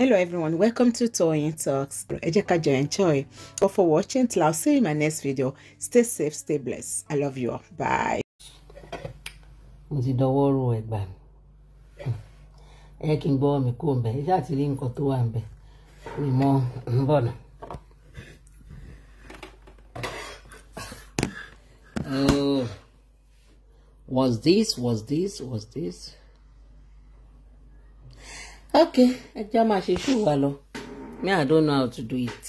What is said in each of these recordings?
Hello everyone, welcome to Toyeen Talks. Ejekaja enjoy. all for watching, till I'll see you in my next video. Stay safe, stay blessed. I love you all. Bye. Mo ti dọwọ́ ro ẹ̀gbà Ẹ gbọ́ mi kó rí tó wà mọ oh. Was this, was this, was this? okay ẹ jẹ́ máa ṣe ṣù wá lọ me i don't know how to do it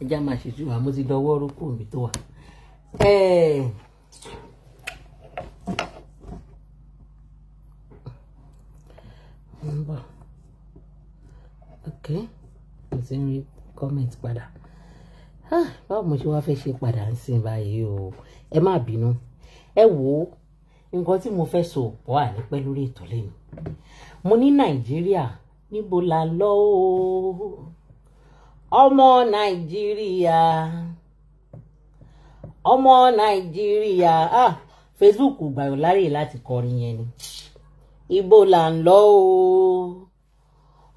ẹ jẹ́ máa ṣe ṣù wá mo ti lọ wọ́ orúkọ mi tó wà. Eh. okay mo ti ń rí comment padà ah, báwo mo ṣe wá fẹ́ ṣe padà ń sìn báyìí o ẹ má bínú ẹ wò ó nǹkan tí mo fẹ́ sọ pọ̀ àìpẹ́ lórí ètò lẹ́nu mo ní nàìjíríà níbo la lọ ọmọ nàìjíríà ọmọ nàìjíríà ah facebook gbàyàn láàyè láti kọrin yẹn ni ibo ń lọ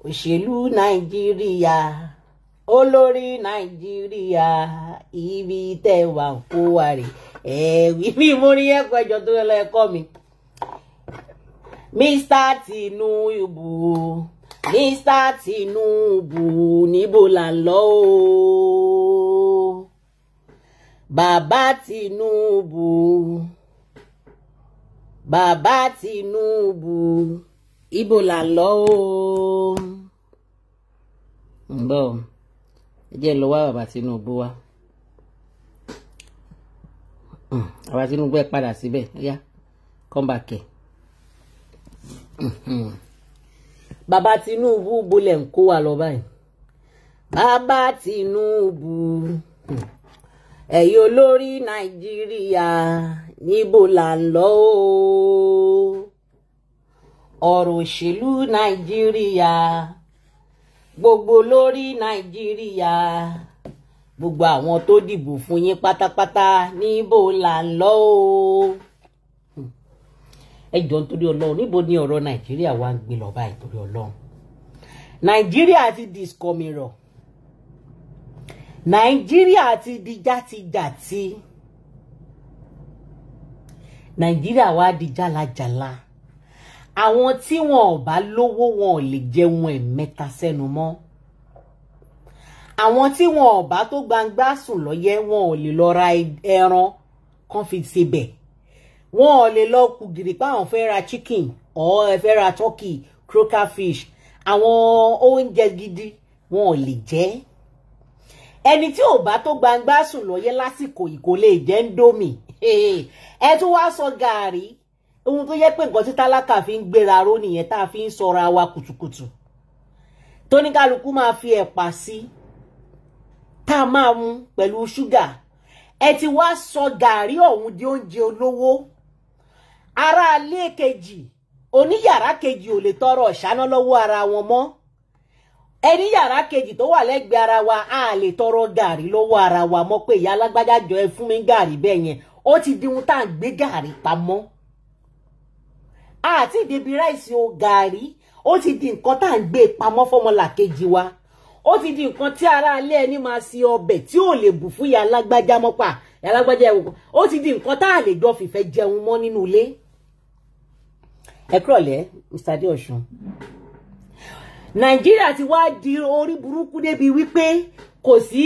òṣèlú nàìjíríà. olórí nàìjíríà ibi tẹ wà kó wa rè ẹ mi mo ní ẹkọ ẹjọ tó lọ ẹkọ mi Mr. Tinubu Mr. Tinubu níbo là ń lọ o bàbá Tinubu bàbá Tinubu ibo là ń lọ o ń ẹ jẹ́ lọ wá bàbá Tinubu wá bàbá Tinubu ẹ padà síbẹ̀ yá come back ẹ. bàbá Tinubu bolẹ̀ ń kó wa lọ báyìí bàbá Tinubu ẹ̀yin olórí Nàìjíríà níbo là ń lọ ọ̀rọ̀ òṣèlú Nàìjíríà gbogbo lórí nàìjíríà gbogbo àwọn tó dìbò fún yín pátápátá níbo là ń lọ o ẹ nítorí ọlọ́run níbo ni ọ̀rọ̀ nàìjíríà wá ń gbé lọ báyìí torí ọlọ́run nàìjíríà ti di ìsọmìrọ̀ nàìjíríà ti di játijàti nàìjíríà wá di jálajàla. Jala àwọn tí wọn ò bá lówó wọn ò lè jẹun ẹ̀mẹ́ta sẹ́nu mọ́ àwọn tí wọn ò bá tó gbangba sùn lọ́yẹ́ wọn ò lè lọ ra ẹran kan fi sebẹ̀ wọn ò lè lọ kù gìrì pé àwọn fẹ́ ra chicken or ẹ fẹ́ ra turkey croaker fish àwọn oúnjẹ gidi wọn ò lè jẹ́ ẹni tí ò bá tó gbangba sùn lọ́yẹ́ lásìkò yìí kò lè jẹ ń dómì ẹ tún wá sọ gàárì ohun tó yẹ pé nǹkan tí tálákà fi ń gbéra nìyẹn tá a fi ń sọra wa kùtùkùtù tóníkàlùkù máa fi ẹ̀pà sí tá a máa mu pẹ̀lú ṣúgà ẹ ti wá sọ gàárì ọ̀hún di oúnjẹ olówó aráalé kejì oníyàrá kejì ò lè tọrọ ìṣáná lọ́wọ́ ara wọn mọ́ ẹni yàrá kejì tó wà lẹ́gbẹ̀ẹ́ ara wa a lè tọrọ gàrí lọ́wọ́ ara wa mọ́ pé ìyá alágbájá jọ ẹ fún mi gàrí bẹ́ẹ̀ yẹn ó ti di ohun tá à ń gbé gàrí pamọ́ àti ìdèbí ráìsì o gàrí ó ti di nǹkan tá à ń gbé pamọ́ fọ́mọlà kejì wa ó ti di nǹkan tí ara alẹ́ ẹni máa ṣe ọbẹ̀ tí ò lè bù fún ìyá alágbájá mọ́pà ìyá alágbájá ẹ̀wò ó ti di nǹkan tá à lè jọ fìfẹ́ jẹun mọ́ nínú ilé. ẹ kúrọ̀lẹ́ Mr. Adéọ̀sùn nàìjíríà ti wá di orí burúkú débi wípé kò sí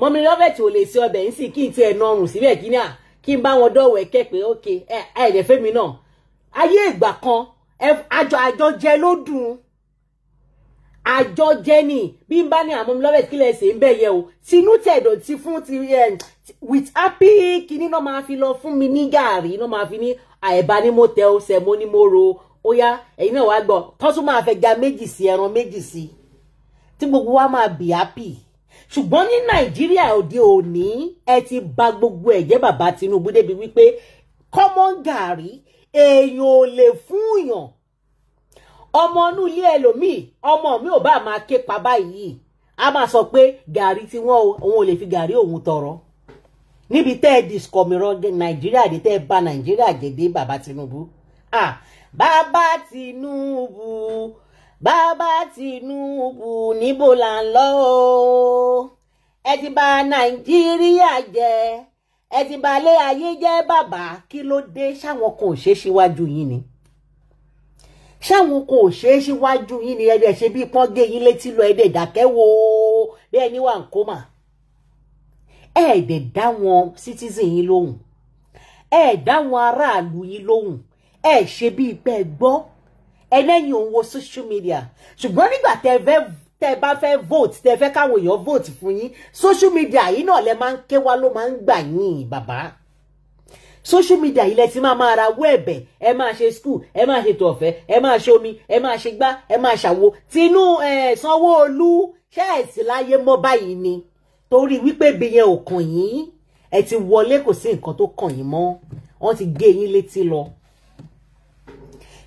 mọ́mí lọ́fẹ̀tì ò lè ṣe ọbẹ̀ ń sì kí n tiẹ̀ nọrùn síbẹ̀ kí n bá wọn dọ̀wọ̀ ẹ̀kẹ́ pé ókè ẹ̀ ẹ̀ dẹ̀ fẹ́mi náà ayé ìgbà kan àjọ àjọjẹ ló dùn àjọjẹ ni bí n bá ní àmọ́ mi lọ́wọ́ ìkílẹ̀ ṣe ń bẹ̀ yẹ o tinú tẹ̀dọ̀ ti fún ti with happy kìíní náà máa fi lọ fún mi ní gàárì náà máa fi ní àìbá ní mo tẹ ọsẹ mo ní mo ro ó yá ẹ̀yin náà wàá gbọ́ tọ́sùn máa fẹ́ ja méjì sí ẹran méjì sí tí gbogbo wa máa bì happy ṣùgbọ́n ní nàìjíríà òde òní ẹ ti bà gbogbo ẹ̀jẹ̀ bàbá Tinubu débi wípé common gàárì èèyàn ò lè fún yàn ọmọ inú ilé ẹlòmíì ọmọ mi ò bá máa ké pa báyìí a máa sọ pé gàrí tí wọn òun ò lè fi gàrí òun tọrọ níbi tẹ́ ẹ discomirọ́ nàìjíríà dé tẹ́ ẹ bà nàìjíríà jẹ́ dé bàbá Tinubu ah bàbá Tinubu bàbá Tinubu níbo là ń lọ o ẹ ti bà nàìjíríà jẹ́ ẹ ti balẹ̀ ayé jẹ́ bàbá kí ló dé ṣáwọn kan ò ṣe é síwájú yín ni ṣáwọn kan ṣe é síwájú yín ni ẹ̀dẹ̀ ṣe bí pọ́n gé yín létí lọ ẹ̀dẹ̀ dákẹ́ wo bẹ́ẹ̀ ni wà ń kó mà ẹ̀ẹ́dẹ̀ dá wọn citizen yín lóhùn ẹ̀ẹ́ dá wọn aráàlú yín lóhùn ẹ̀ẹ́ ṣe bí pẹ́ gbọ́ ẹlẹ́yìn òun wo social media ṣùgbọ́n nígbà tẹ́ fẹ́ tẹ́ bá fẹ́ vote tẹ́ fẹ́ káwọn èèyàn vote fún yín social media yìí náà lẹ máa ń ké wá ló máa ń gbà yín bàbá social media yìí lẹ ti máa máa ra wẹ́ẹ̀bẹ̀ ẹ máa ṣe school ẹ máa ṣètò ọ̀fẹ́ ẹ máa ṣe omi ẹ máa ṣe gbá ẹ máa ṣàwo tinú Sanwó-Olú ṣẹ́ẹ̀sì láyé mọ́ báyìí ni torí wípé ibi yẹn ò kàn yín ẹ ti wọlé kò sí nǹkan tó kàn yín mọ́ wọ́n ti gé yín létí lọ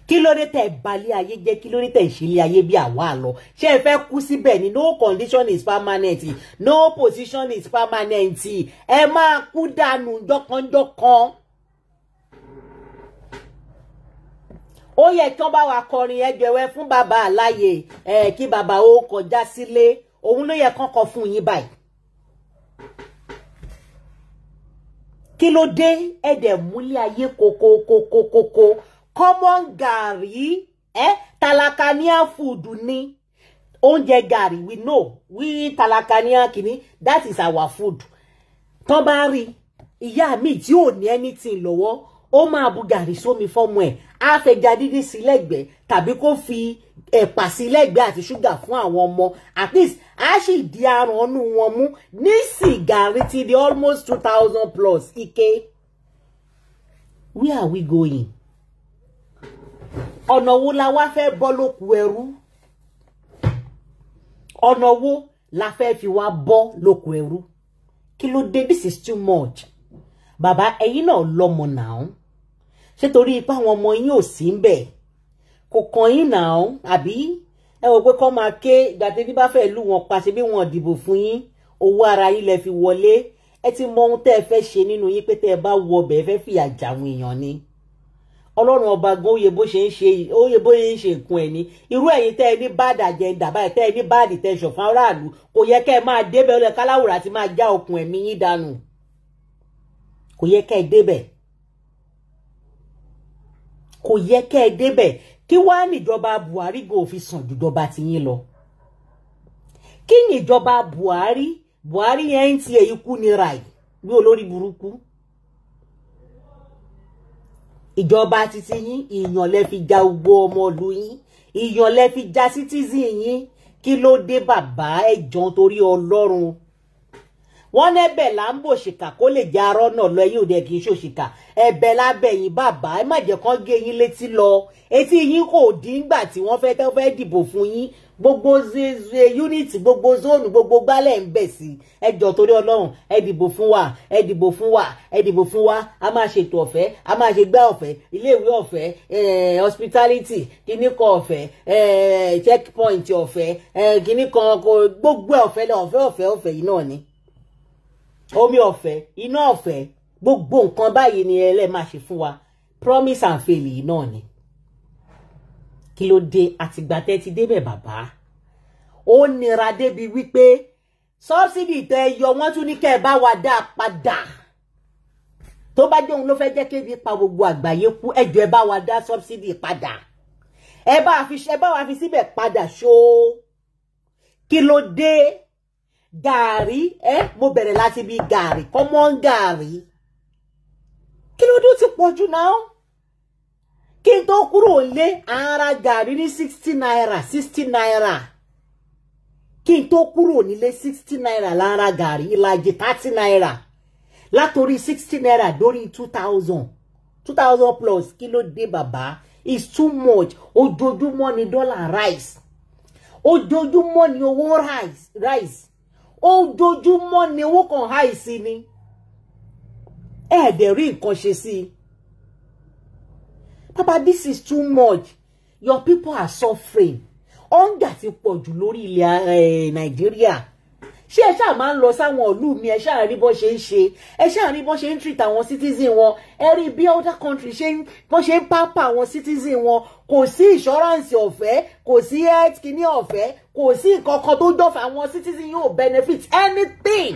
kí ló dé tẹ̀ balẹ̀ ayé jẹ́ kí ló dé tẹ̀ ìṣílẹ̀ ayé bí àwa lọ ṣé ẹ fẹ́ kú síbẹ̀ ni no condition is permanent no position is permanent ẹ máa kú dànù jọkànjọkàn. ó yẹ kí wọ́n bá wa kọrin ẹgbẹ̀wẹ́ fún bàbá àláyé ẹ kí bàbá ó kọjá sílé òun ló yẹ kán kọ fún yín báyìí. kí ló dé ẹ̀dẹ̀ múlé ayé kókókókókókó common gàrí eh? talakania food ni oúnjẹ gàrí we know we talakania kini. that is our food tán bá rí ìyá mi tí ò ní anything lọ́wọ́ ó máa bu gàrí sómi fọ́mọ ẹ̀ á fẹja dídí sí lẹ́gbẹ̀ẹ́ tàbí kó fi ẹ̀pà sí lẹ́gbẹ̀ẹ́ àti ṣúgà fún àwọn at least a sì di aràn ọ̀nù wọn mú ní sìgárì ti the almost two thousand plus ike where are we going? ọ̀nà wo la wá fẹ́ bọ́ lóko ẹrú ọ̀nà wo la fẹ́ fi wá bọ́ lóko ẹrú kí ló dé this is too much bàbá ẹ̀yin náà lọ́mọ náà ṣé torí ipá àwọn ọmọ yín ò sí ń bẹ̀ kò kàn yín náà àbí ẹ wò pé kọ́ máa ké gbàtẹ́bí bá fẹ́ lù wọ́n pa ṣe bí wọ́n dìbò fún yín owó ara yín lẹ fi wọlé ẹ ti mọ ohun tẹ́ ẹ fẹ́ ṣe nínú yín pé tẹ́ ẹ bá wọ ọbẹ̀ ẹ fẹ́ fìyà jàwọn èèyàn ni ọlọ́run ọba gan oyè bó ṣe ń ṣe oyè bó ṣe ń ṣe nǹkan ẹ̀ ní irú ẹ̀yin tẹ́ ẹ ní bad agenda báyìí tẹ́ ẹ ní bad intention fún aráàlú kò yẹ kẹ́ ẹ máa débẹ̀ ọlẹ́ káláwùrà ti máa já okùn ẹ̀mí yín dànù kò yẹ kẹ́ ẹ débẹ̀ kò yẹ kẹ́ ẹ débẹ̀ kí wá níjọba Buhari gan ò sàn jùjọba ti yín lọ kí níjọba Buhari Buhari yẹn ń tiẹ̀ ikú ni ràì bí olórí burúkú ìjọba títí yín ìyàn lẹ fi ja gbogbo ọmọlú yín ìyàn lẹ fi ja citizen yín kí ló dé bàbá ẹjọ́n torí ọlọ́run wọ́n nẹ́bẹ̀ là ń bò ṣìkà kó lè jẹ́ arọ́ náà lọ ẹ̀yìn òde kì í ṣòṣìkà ẹ̀bẹ̀ lábẹ̀yìn bàbá ẹ má jẹ́ kán gé yín létí lọ etí yín kò dín gbà tí wọ́n fẹ́ tẹ́ fẹ́ dìbò fún yín gbogbo unit gbogbo zone gbogbo gbálẹ̀ ń bẹ̀ sí ẹjọ́ torí ọlọ́run ẹ dìbò fún wa ẹ dìbò fún wa ẹ fún wa a máa ṣètò ọ̀fẹ́ a máa ṣe gbá ọ̀fẹ́ iléèwé ọ̀fẹ́ eh, hospitality kìnnìkan ọ̀fẹ́ eh, checkpoint ọ̀fẹ́ eh, kìnnìkan gbogbo ọ̀fẹ́ ọ̀fẹ́ ọ̀fẹ́ ọ̀fẹ́ yìí náà ni omi ọ̀fẹ́ iná ọ̀fẹ́ gbogbo nǹkan báyìí ni ẹlẹ́ máa ṣe fún wa promise and fail yìí náà ni kí ló dé àtìgbà tẹ́ ti débẹ̀ bàbá ó nira débi wípé sọ́bsidì tẹ yọ wọ́n tún ní kẹ́ ẹ bá wa dá padà tó bá jẹ́ ló fẹ́ jẹ́ kébi pa gbogbo àgbáyé kú ẹjọ́ ẹ bá wa dá sọ́bsidì padà ẹ bá fi ẹ bá wa fi síbẹ̀ padà ṣó kí ló dé gàárì ẹ mo bẹ̀rẹ̀ láti bí gàárì common gàárì kí ló dé ó ti pọ̀ náà kí n tó kúrò lé ara gàrí ní sixty naira sixty naira kí n tó kúrò nílé sixty naira lára gàrí ìlàjì thirty naira látòrí sixty naira dórí two thousand two thousand plus kí ló dé bàbá is too much ojoojúmọ́ ni dollar rise ojoojúmọ́ ni owó rise rise ojoojúmọ́ ni owó kan high sí ni ẹ̀ẹ́dẹ̀ rí nǹkan ṣe sí i Papa, this is too much. Your people are suffering. Hunger ti pọ̀ jù lórí ilẹ̀ eh, Nigeria. She ẹ ṣáà máa ń lọ sáwọn ìlú mi ẹ ṣáà rí bó ṣe ń ṣe ẹ ṣáà rí bó ṣe treat àwọn citizen wọn ẹ rí bí other country ṣe bó ṣe Papa pápá citizen wọn kò sí insurance ọ̀fẹ́ kò sí health kìíní ọ̀fẹ́ kò sí nǹkan kan tó jọ fún àwọn citizen yóò benefit anything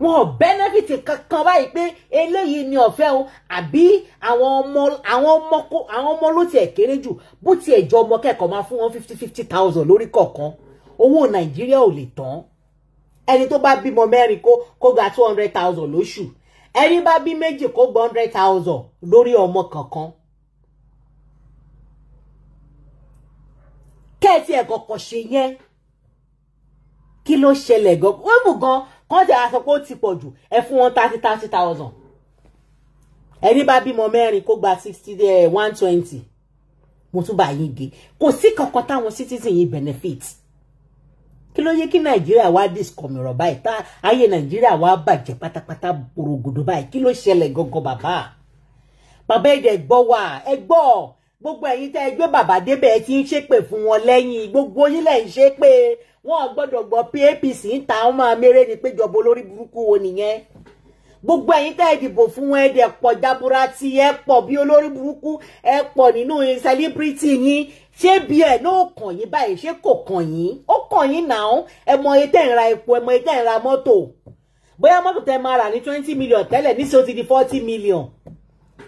wọn ò bẹ́nẹ́fìtì kankan báyìí pé eléyìí ni ọ̀fẹ́ o àbí àwọn ọmọ àwọn ọmọ kó àwọn ọmọ ló tiẹ̀ kéré jù bó tiẹ̀ jọ ọmọ kẹ́kọ̀ọ́ máa fún wọn fifty fifty thousand lórí kọ̀ọ̀kan owó nàìjíríà ò lè tán ẹni tó bá bímọ mẹ́rin kó kó gba two hundred thousand lóṣù ẹni bá bí méjì kó gba hundred thousand lórí ọmọ kankan kẹ́ẹ̀tì ẹ̀kọ̀kọ̀ ṣe yẹn kí ló ṣẹlẹ̀ gan-an wọ́n mú gan-an kọ́ ti aṣọ pé ó ti pọ̀ jù ẹ fún wọn thirty thirty thousand ẹni bá bímọ mẹ́rin kó gba sixty eh, one twenty mo tún bá yín gé kò sí kankan táwọn citizen yìí benefit kí Nigeria yẹ kí come wá discomiro báyìí tá ayé nàìjíríà wá bàjẹ́ pátápátá borogodo báyìí kí ló ṣẹlẹ̀ gangan bàbá bàbá ẹ̀dẹ̀ gbọ́ wá ẹ gbọ́ gbogbo ẹ̀yin tẹ́ ẹ gbé bàbá débẹ̀ ẹ ti ń ṣépè fún wọn lẹ́yìn gbogbo yín lẹ ń ṣépè wọn gbọ́dọ̀ gbọ́ pé APC ń ta wọn máa mérè ni péjọba olórí burúkú wo nìyẹn gbogbo ẹ̀yin tẹ́ ẹ dìbò fún wọn ẹdẹ pọ̀ jaburati ẹ pọ̀ bí olórí burúkú ẹ pọ̀ nínú celebrity yín ṣé bí ẹ náà kàn yín báyìí ṣé kò kàn yín ó kàn yín náà ẹ mọ iye tẹ́ ń ra epo ẹ mọ iye tẹ́ ń ra mọ́tò bóyá mọ́tò tẹ́ máa rà ní twenty million tẹ́lẹ̀ níṣẹ́ ó ti di forty million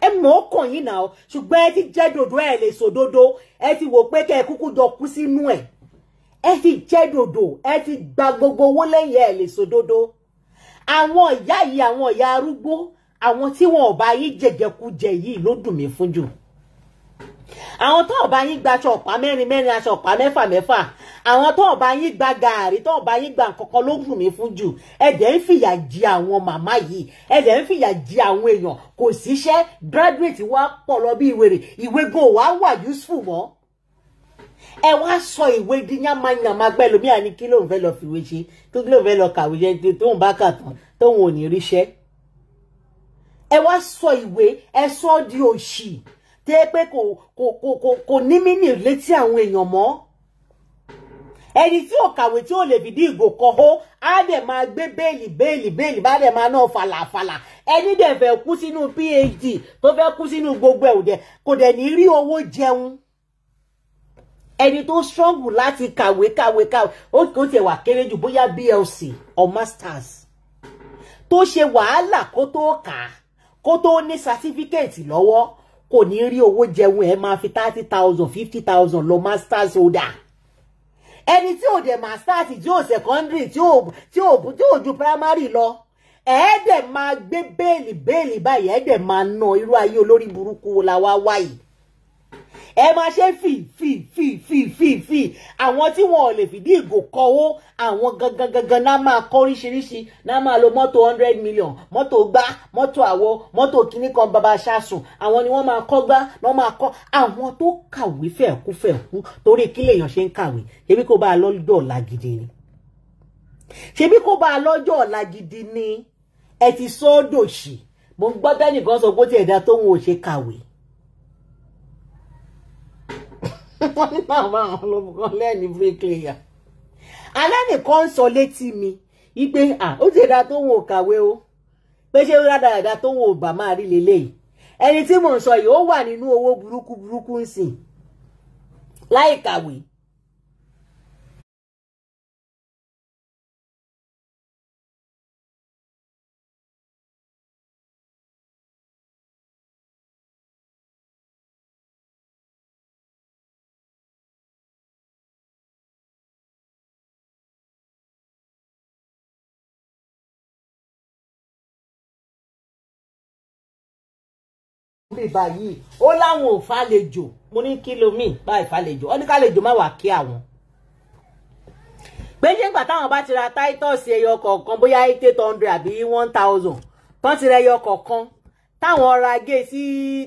ẹ mọ̀ ọ́ kàn yín náà ṣùgbọ́n ẹ ti jẹ́ dòdò ẹ lè sòdodo ẹ ti wò pé kẹ́ ẹ do, jọ kú sínú ẹ̀ ẹ ti jẹ́ dòdò ẹ ti gba gbogbo owó lẹ́yìn ẹ lè sòdodo àwọn ìyá yìí àwọn ìyá arúgbó àwọn tí wọn ò bá yí jẹjẹkú jẹ yìí ló dùn mí fún jù àwọn tó ọba yín gba aṣọ ọ̀pá mẹ́rin mẹ́rin aṣọ ọ̀pá mẹ́fà mẹ́fà àwọn tó ọba yín gba gàárì tó ọba yín gba nǹkankan ló wù mí fún jù ẹ̀jẹ̀ ń fìyà jẹ àwọn màmá yìí ẹ̀jẹ̀ ń fìyà jẹ àwọn èèyàn kò síṣẹ́ graduate wa pọ̀ lọ bí ìwèrè ìwé go wa wà useful mọ́ ẹ wá sọ ìwé di yánmayànmá pẹ̀lú mi àní kí ló ń fẹ́ lọ fìwé ṣe tó kí ló ń fẹ́ lọ kàwé yẹn tóun bá kà tán tóun ò ní ríṣẹ́ ẹ wá sọ ìwé ẹ sọ di òṣì tẹ́ pé kò kò kò kò ní mí ní létí àwọn èèyàn mọ́ ẹni tí ò kàwé tí ò lè fìdí ìgò kọ́hó á dẹ̀ máa gbé bẹ́ẹ̀lì bẹ́ẹ̀lì bẹ́ẹ̀lì bá dẹ̀ máa náà falàfalà ẹni dẹ̀ fẹ́ kú sínú phd tó fẹ́ kú sínú gbogbo ẹ̀ òdẹ̀ kò dẹ̀ ní rí owó jẹun ẹni tó struggle láti kàwé kàwé kàwé ó kò tiẹ̀ wà kéré jù bóyá blc or masters tó ṣe wàhálà kó tó kà á kó tó ní sátífíkẹ́ẹ̀tì lọ́wọ́ kò ní rí owó jẹun ẹ máa fi thirty thousand fifty thousand lọ masters holder ẹni tí ò dẹ̀ masters tí ò secondary tí ò tí ò tí ò ju primary lọ ẹ̀ẹ́dẹ̀ máa gbé bẹ́ẹ̀lì bẹ́ẹ̀lì báyìí ẹ̀ẹ́dẹ̀ máa ná irú ayé olórí burúkú la wá wáyìí ẹ máa ṣe fi fi fi. fì fì fì àwọn tí wọn ò lè fìdí ìgò kọwó àwọn gangan gangan náà máa kọ oríṣiríṣi náà máa lo mọ́tò hundred million mọ́tò gbá mọ́tò àwo mọ́tò kínní kan bàbá ṣáṣùn àwọn ni wọ́n máa kọ́ gbá wọ́n máa kọ́ àwọn tó kàwé fẹ̀kú fẹ̀kú torí kí lèèyàn ṣe ń kàwé ṣebí kó bá a lọ́jọ́ ọ̀la gidi ni ṣebí kó bá a lọ́jọ́ ọ̀la gidi ni ẹ ti sọ́ọ́dọ̀ ṣì mo ń gbọ́ tẹ́nìkan sọ pé ó ti ẹ̀dá tóun ò ṣe kàwé wọ́n ní màmá àwọn olóbùkọ́ lẹ́ẹ̀ni bricklayer alẹ́nìkan ń sọ létí mi wípé ó ti da tó wọn ò kàwé o pé ṣé rádaràda tó wọn ò bà máa rí lélẹ́yìí ẹni tí mò ń sọ yìí ó wà nínú owó burúkú burúkú ń sìn láì kàwé bí báyìí ó láwọn ò fàlejò mo ní kí ló mì bá ìfàlejò ó ní kálejò má wà kí àwọn. pé nígbà táwọn bá ti ra titus ẹyọ kọ̀ọ̀kan bóyá eight hundred àbí one thousand tán ti ra ẹyọ kọ̀ọ̀kan táwọn ra géè e sí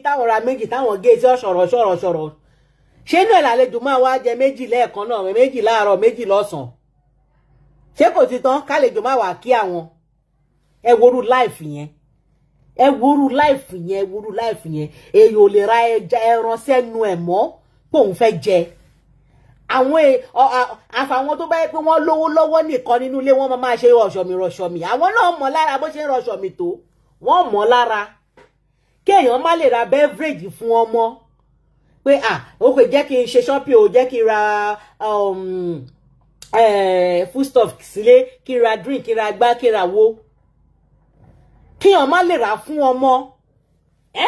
táwọn ra méjì táwọn géè e sí ọ̀ṣọ̀rọ̀ ṣọ̀rọ̀ ṣọ̀rọ̀ ṣé inú ẹ̀ lálejò máa wá jẹ méjì lẹ́ẹ̀kan náà méjì láàárọ̀ méjì lọ́sàn-án ṣé kò ti tán kálejò má wà kí àwọn ẹ láìfì yẹn ẹ wúru láìfù yẹn ẹ wúru láìfù yẹn èyí ò lè ra ẹja ẹran sẹ́nu ẹ̀ mọ́ pé òun fẹ́ jẹ àwọn e, àfàwọn tó bá yẹ pé wọ́n lówó lọ́wọ́ nìkan nínú ilé wọn máa ṣe rọṣọmì rọṣọmì àwọn náà mọ̀ lára bó ṣe ń rọṣọmì tó wọ́n mọ̀ lára kéèyàn má lè ra beverage fún ọmọ pé à ó pè jẹ́ kí n ṣe shopping o jẹ́ kí n ra um, eh, foodstuff sílé kí n ra drink kí n ra gbá kí n ra wo kí wọn má lè rà fún ọmọ ẹ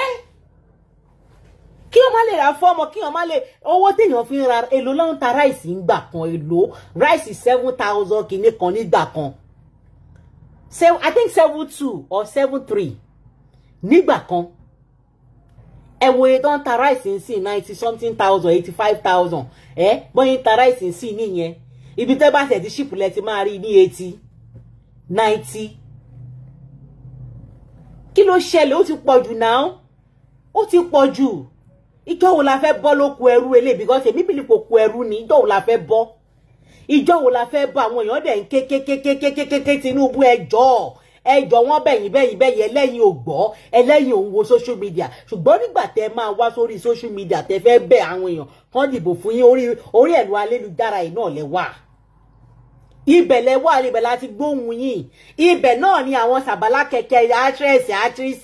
kí wọn má lè rà fún ọmọ kí wọn má lè owó téèyàn fi ń ra èlò ló ń ta ráìsì ń gbà kan èlò ráìsì seven thousand kìíní kan nígbà kan i think seven two or seven three nígbà kan ẹ wo iye tó ń ta ráìsì ń sìn ninety something thousand eighty five thousand ẹ bọ́yìn ta ráìsì ń sìn nìyẹn ibi tẹ́ bá tẹ̀ ti ṣìpìlẹ̀ ti máa rí ní eighty ninety kí ló ṣẹlẹ̀ ó ti pọ̀ jù náà ó ti pọ̀ jù ìjọ wo la fẹ́ bọ́ ló ku ẹrú eléyìí because èmi bìlì kò ku ẹrú ni ìjọ wo la fẹ́ bọ́ ìjọ wo la fẹ́ bọ́ àwọn èèyàn dẹ̀ ń kékékékékékékéké Tinubu ẹjọ́ ẹjọ́ wọn bẹ̀yìn bẹ̀yìn bẹ̀yìn ẹlẹ́yìn ò gbọ́ ẹlẹ́yìn òun wo social media ṣùgbọ́n nígbà tẹ́ máa wá sórí social media tẹ́ fẹ́ bẹ̀ àwọn èèyàn kan dìbò fún yín orí ẹ̀rọ alẹ́lujára yìí náà lẹ wà ibẹ̀ lẹ wà ibẹ̀ la ti gbóhùn yìí ibẹ̀ náà ni àwọn sàbálà kẹ̀kẹ́ actress actress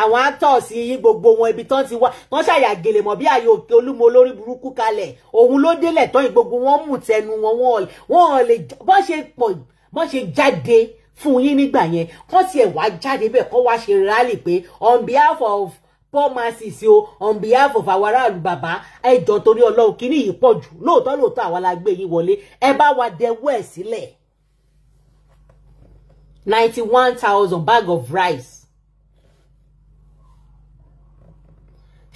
àwọn actors yìí gbogbo wọn ibi tán ti wá wọn ṣàyà gèlè mọ́ bí ayò olúmọ olórí burúkú kalẹ̀ òun ló délẹ̀ tán gbogbo wọn mú tẹnu wọn wọn lè bọ́n ṣe pọ̀ bọ́n ṣe jáde fún yín nígbà yẹn kọ́ tiẹ̀ wá jáde bẹ́ẹ̀ kọ́ wá ṣe rálì pé on behalf of poor masses o on behalf of àwọn aráàlú bàbá ẹ jọ̀ọ́ torí Ọlọ́run kíní yìí pọ̀ jù lóòótọ́ lóòótọ́ àwa la gbé yín wọlé ẹ bá wa dẹwọ́ ẹ̀ sílẹ̀ ninety one thousand bag of rice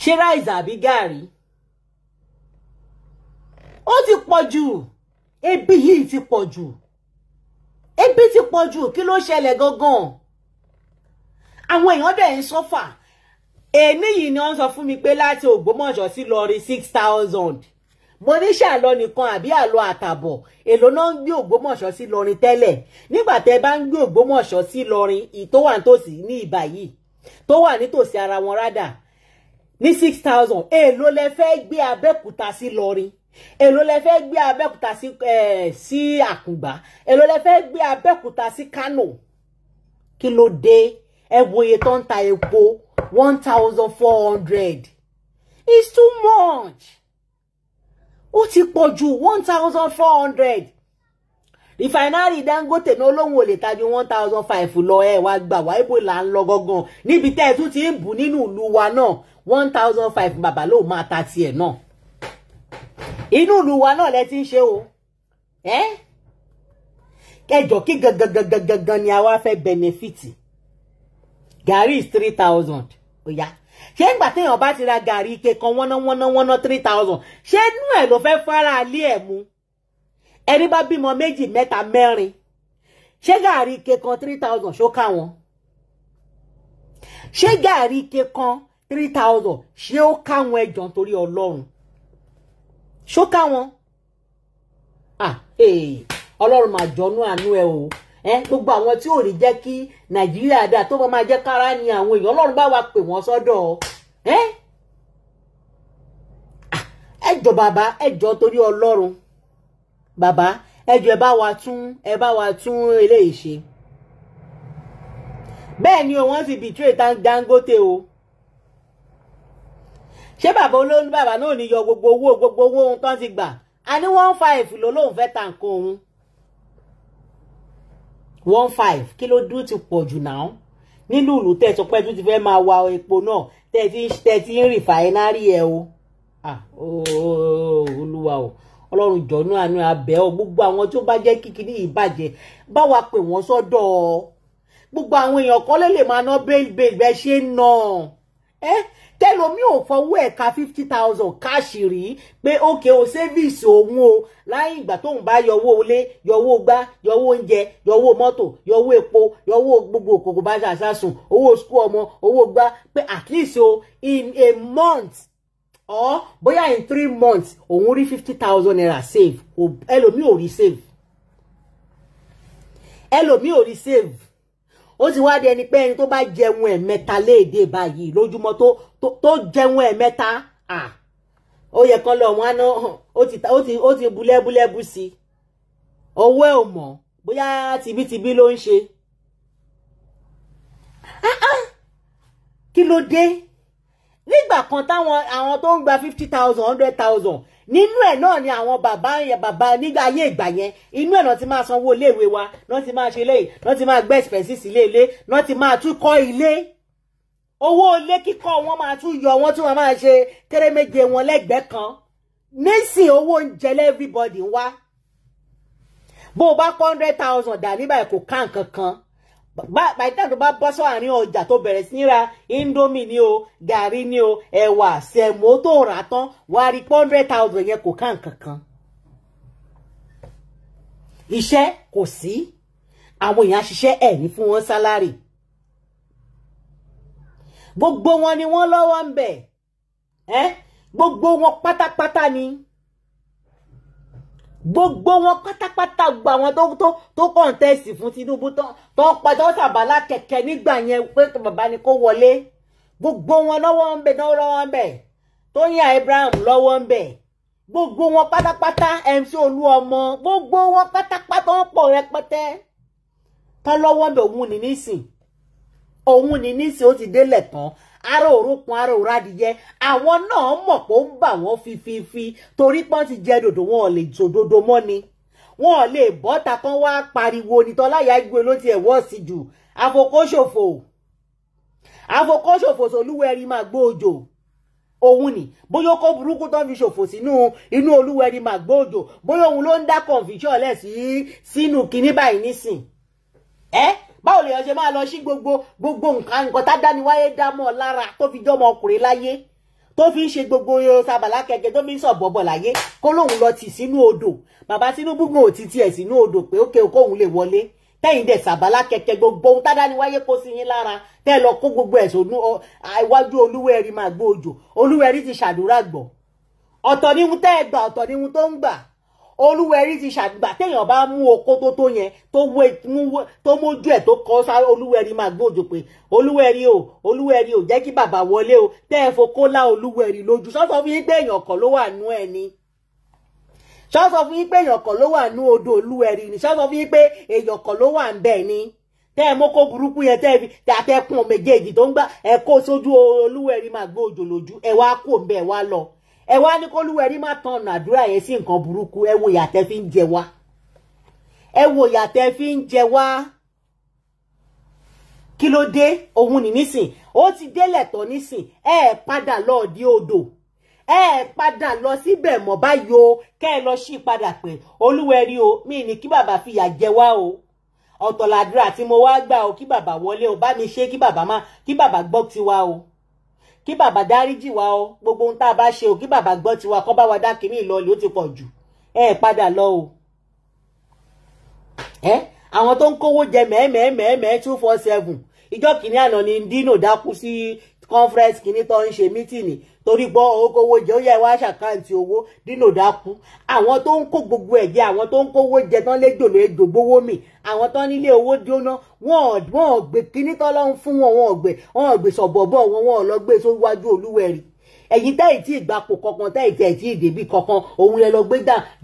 ṣé rice àbí gàrí ó ti pọ̀ jù ebi yìí ti pọ̀ jù ebi ti pọ̀ jù kí ló ṣẹlẹ̀ gangan àwọn èèyàn dẹ̀ ń sọ́fà. So èní yìí ni wọ́n sọ fún mi pé láti Ògbómọ̀ṣọ́ sí Ìlọrin six thousand mo ní ṣàlọ nìkan àbí àlọ àtàbọ̀ èlò náà ń gbé Ògbómọ̀ṣọ́ sí Ìlọrin tẹ́lẹ̀ nígbà tẹ́ bá ń gbé Ògbómọ̀ṣọ́ sí Ìlọrin ìtó wà nítòsí ní ìbà yìí tó wà nítòsí ara wọn rádà ní six thousand èlò lẹ fẹ́ gbé Abẹ́òkúta sí Ìlọrin èlò lẹ fẹ́ gbé Abẹ́òkúta sí Àkùngbá èlò lẹ fẹ́ gbé Abẹ́òkúta sí Kánò kí ló dé ẹ wòye tó ń ta epo one thousand four hundred it's too much What ti pọ̀ ju one thousand four hundred ìfàìnárì Dangote ní olóhùn ò lè tajú one thousand five lọ ẹ wá gbà wá ibo là ń lọ gangan níbi tẹ́ ẹ tún ti ń bù nínú ìlú wa náà one thousand five bàbá ló máa ta tiẹ̀ náà inú ìlú wa náà lẹ ti ń ṣe o ẹ kẹjọ kí gangan gangan gangan ni is three thousand Oya, ṣé ń gbà téèyàn bá ti ra gàrí ike kan wọ́nà wọ́nà wọ́nà three thousand ṣé inú ẹ̀ ló fẹ́ fara alé ẹ̀ mu ẹni bá bímọ méjì mẹ́ta mẹ́rin ṣé gàrí ike kan three thousand ṣó ká wọn ṣé gàrí ike kan three thousand ṣé ó ká wọn ẹjọ́ nítorí ọlọ́run ṣó ká wọn eh, ọlọ́run màjọ́nú àánú ẹ o gbogbo àwọn tí ò rí jẹ́ kí nàìjíríà dáa tó bá máa jẹ́ kára ni àwọn èèyàn ọlọ́run bá wa pè wọ́n sọ́dọ̀ ah, ẹ ẹjọ bàbá ẹjọ torí ọlọ́run bàbá ẹjọ ẹ bá wa tún ẹ bá wa tún eléyìí ṣe bẹ́ẹ̀ ni wọ́n ti betray Dangote o ṣé bàbá olóńgbàbà náà ní yọ gbogbo owó gbogbo owó ohun tó ń ti gbà a ní one five ló lóun fẹ́ ta nǹkan òun one five kí ló dúró ti pọ̀ jù náà nínú ìlú tẹ̀ sọ pé tó ti fẹ́ máa wa epo náà tẹ̀ ti tẹ̀ ti ń rìfàínárì ẹ̀ ah, o olúwa o ọlọ́run jọ̀nú àánú abẹ́ ọ gbogbo àwọn tó bá jẹ́ kíkiri ìbàjẹ́ bá wa pè wọ́n sọ́dọ̀ ọ gbogbo àwọn èèyàn kọ́lé lè máa ná bẹ́ẹ̀ bẹ́ẹ̀ ṣe ń nà ẹ́ tẹ́lòmí ò fọwọ́ ẹ̀ ka fifty thousand káàṣì rí pé ókè o sẹ́fíìsì òun o láyìn ìgbà tóun bá yọwọ́ ilé yọwọ́ gbá yọwọ́ oúnjẹ yọwọ́ mọ́tò yọwọ́ epo yọwọ́ gbogbo òkòkò bá ṣàṣàṣùn owó sukú ọmọ owó gbá pé at least o in a month or bóyá in three months òun rí fifty thousand naira save ẹlòmí ò rí save ẹlòmí ò rí save ó sì wá di ẹni pé ẹni tó bá jẹun ẹ̀mẹ́ta léèdè báyìí lójúmọ́ tó tó jẹun ẹ̀mẹ́ta à ó yẹ kán lọ wọn àná ó ti ó ti ó ti bulẹ́bulẹ́bu sí i owó ẹ̀ ò mọ̀ bóyá tibítibí ló ń ṣe kí ló dé nígbà kan táwọn àwọn tó ń gba fifty thousand hundred thousand nínú ẹ̀ náà ni àwọn bàbá yẹn bàbá nígbà ayé ìgbà yẹn inú ẹ̀ náà ti máa sanwó iléèwé wa náà ti máa ṣe léyìí náà ti máa gbé expenses sí ilé ilé náà ti máa tún kọ́ ilé owó ilé kíkọ́ wọn máa tún yọ wọn tún máa ṣe kéréméje wọn lẹ́gbẹ̀ẹ́ kan nísìn owó oúnjẹ lé everybody ń wá bó o bá pọ́ hundred thousand dà nígbà kò ká nǹkan kan by the time tó bá bọ́ sọ àárín ọjà tó bẹ̀rẹ̀ sí ra indomie ni o gàrí ni o ẹ̀wà sẹ̀mó tó rà tán wàá rí hundred thousand yẹn kò ká nǹkan kan iṣẹ́ kò sí àwọn èèyàn ṣiṣẹ́ ẹ̀ ní fún wọn sálárì gbogbo wọn ni wọ́n lọ́wọ́ ń bẹ̀ ẹ́ gbogbo wọn pátápátá ni gbogbo wọn pátápátá gba àwọn tó tó tó kọ̀ǹtẹ́sì fún Tinubu tó pàtó sàbálà kẹ̀kẹ́ nígbà yẹn pé bàbá ni kó wọlé gbogbo wọn lọ́wọ́ ń bẹ̀ náà lọ́wọ́ ń bẹ̀ Tóyìn Abraham lọ́wọ́ ń bẹ̀ gbogbo wọn pátápátá MC Olúọmọ gbogbo wọn pátápátá wọn pọ̀ rẹpẹtẹ tá lọ́wọ́ ń bẹ̀ òun ní nísìn òun ní nísìn ó ti délẹ̀ tán ara òrókun ara òradìyẹ àwọn náà mọ̀ pé ó ń bà wọ́n fififi torí pọ́n ti jẹ dòdò wọn ò lè jòdodo mọ́ ni wọn ò lè bọ́ta kan wá pariwo nítọ́láyà gbé ló ti ẹ̀wọ́ sí jù àfokóṣòfò àfokóṣòfò sólúwẹ̀rí máa gbó òjò òun ni bóyá kó burúkú tó ń fi ṣòfò sínú inú olúwẹ̀rí máa gbó òjò bóyá òun ló ń dá conviction lẹ̀ sí sínú kinní báyìí nísìn ẹ́ báwo lèèyàn ṣe máa lọ sí gbogbo gbogbo nǹkan nǹkan tá dániwáyé dá mọ́ lára tó fi jọmọ ọkùnrin láyé tó fi ń ṣe gbogbo sábàlá kẹkẹ tó fi ń sọ̀bọ̀ bọ̀ láyé kó lóun lọ tì sínú odò bàbá Tinubu gan ò ti tiẹ̀ sínú odò pé ó ké kóun lè wọlé tẹ́yìn dẹ̀ sàbálá kẹ̀kẹ́ gbogbo ohun tádániwáyé kó sí yín lára tẹ́ lọ kó gbogbo ẹ̀sùn iwájú Olúwẹ̀rí máa gbó òjò Olúwẹ̀rí ti ṣàdúrà gbọ́ ọ̀tọ̀ níhun tẹ́ ẹ gbà ọ̀tọ̀ níhun tó ń gbà olúwẹrí ti ṣàgbà téèyàn bá mú oko tó tó yẹn tó wé tó mójú ẹ̀ tó kọ sá olúwẹrí máa gbójú pé olúwẹrí o olúwẹrí o jẹ́ kí bàbá wọlé o tẹ́ ẹ fokó lá olúwẹrí lójú sọsọ fún yín pé èèyàn kan ló wà nú ẹ ni sọsọ fún yín pé èèyàn kan ló wà nú odò olúwẹrí ni sọsọ fún yín pé èèyàn kan ló wà ń bẹ ni tẹ ẹ mọkọ burúkú yẹn tẹ ẹ fi tàtẹkùn méjèèjì tó ń gbà ẹ kó sójú olúwẹrí máa gbójú lójú ẹ wá kó ń bẹ ẹ wá lọ ẹ wá ní kólúwẹ̀ rí má tan ọ̀nà àdúrà yẹn sí nǹkan burúkú ẹ wo ìyà tẹ́ fi ń jẹ wá ẹ wo ìyà tẹ́ fi ń jẹ wá kí ló dé òun ní nísìn ó ti délẹ̀ nísìn ẹ ẹ padà lọ́ọ̀dí odò ẹ ẹ padà lọ síbẹ̀ mọ́ báyìí o kẹ́ ẹ lọ sí padà pé olúwẹ̀rí o mi ni kí bàbá fìyà jẹ wá o ọ̀tọ̀ làdúrà tí mo wá gbà o kí bàbá wọlé o bá mi ṣe kí bàbá má kí bàbá gbọ́ tiwa o kí bàbá dáríjì wa o gbogbo ohun tá a bá ṣe o kí bàbá gbọ́ tiwa kọ́ bá wa dá kínní ìlọlẹ̀ ó ti pọ̀ jù ẹ padà lọ o ẹ àwọn tó ń kówó jẹ mẹ́ẹ̀mẹ́ẹ̀mẹ́ẹ̀ two four seven ìjọ kìíní àná ni dino dákú sí conference kìíní tó ń ṣe mítìnì torí gbọ́ okòwò jẹ́ ó yẹ wá ṣàkáǹtì owó dínà dákú àwọn tó ń kó gbogbo ẹ̀ jẹ àwọn tó ń kówó jẹ tán léjò léjò gbowó mi. àwọn tán nílé owó jóná wọn wọn ò gbé kíní tán lọ́hún fún wọn wọn ò gbé wọn ò gbé sọ̀bọ̀bọ̀ wọn wọn ò lọ gbé síwájú olúwẹ̀rí ẹ̀yin táyì tí ìgbapò kankan táyì tí ẹ̀ tí ìdèbí kankan òun lẹ lọ gbé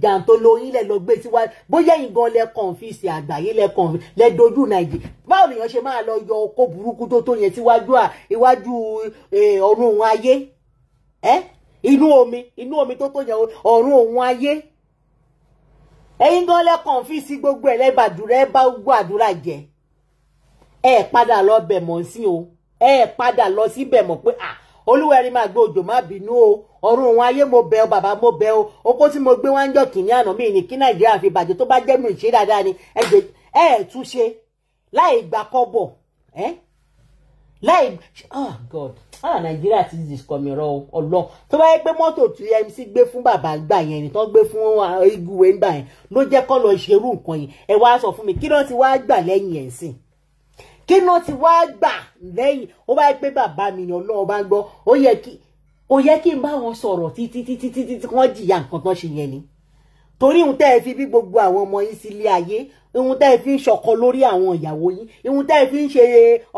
jàǹtó lóyún lẹ lọ gbé síwájú bóyá ìgan lẹ kọ̀ǹfìsì àgbáyé lẹ kàn lẹ dojú nàìjíríà báwo lèèyàn ṣe máa lọ yọ okó burúkú tó tó yẹn síwájú eh, ọ̀run ayé ẹ inú omi inú omi tó tó yẹn ọ̀run òun ayé ẹ̀yin gan lẹ gbogbo ẹ̀ ẹ bá gbogbo àdúrà jẹ ẹ padà lọ sí o ẹ padà lọ síbẹ̀ pé à olúwa ayé mo bẹ̀ o bàbá mo bẹ̀ o oko tí mo gbé wá ń jọ àná mi ní kí nàìjíríà fi bàjẹ́ tó bá jẹ́ mi ìṣe dada ni ẹ tún ṣe Eh? láì oh ah, god ah nàìjíríà ti di kọmìrọ ọlọ tó bá yẹ pé mọ́tò tí mc gbé fún bàbá gbà yẹn nìkan gbé fún ah, iguwe gbà yẹn ló jẹ́ kó lọ ṣerú nǹkan yìí ẹ wá sọ fún mi kí náà ti wá gbà lẹ́yìn ẹ̀ sìn kí náà ti wá gbà lẹ́yìn ó bá yẹ pé bàbá mi ni ọlọ́run bá ń gbọ́ ó yẹ kí ó yẹ kí n bá wọn sọ̀rọ̀ títí títí títí tí wọ́n jìyà nǹkan kan ṣe yẹn ni torí òun tẹ́ ẹ fi bí gbogbo àwọn ọmọ yín sílé ayé ihun tẹ́ ẹ fi ń ṣọkọ lórí àwọn ìyàwó yín ihun tẹ́ ẹ fi ń ṣe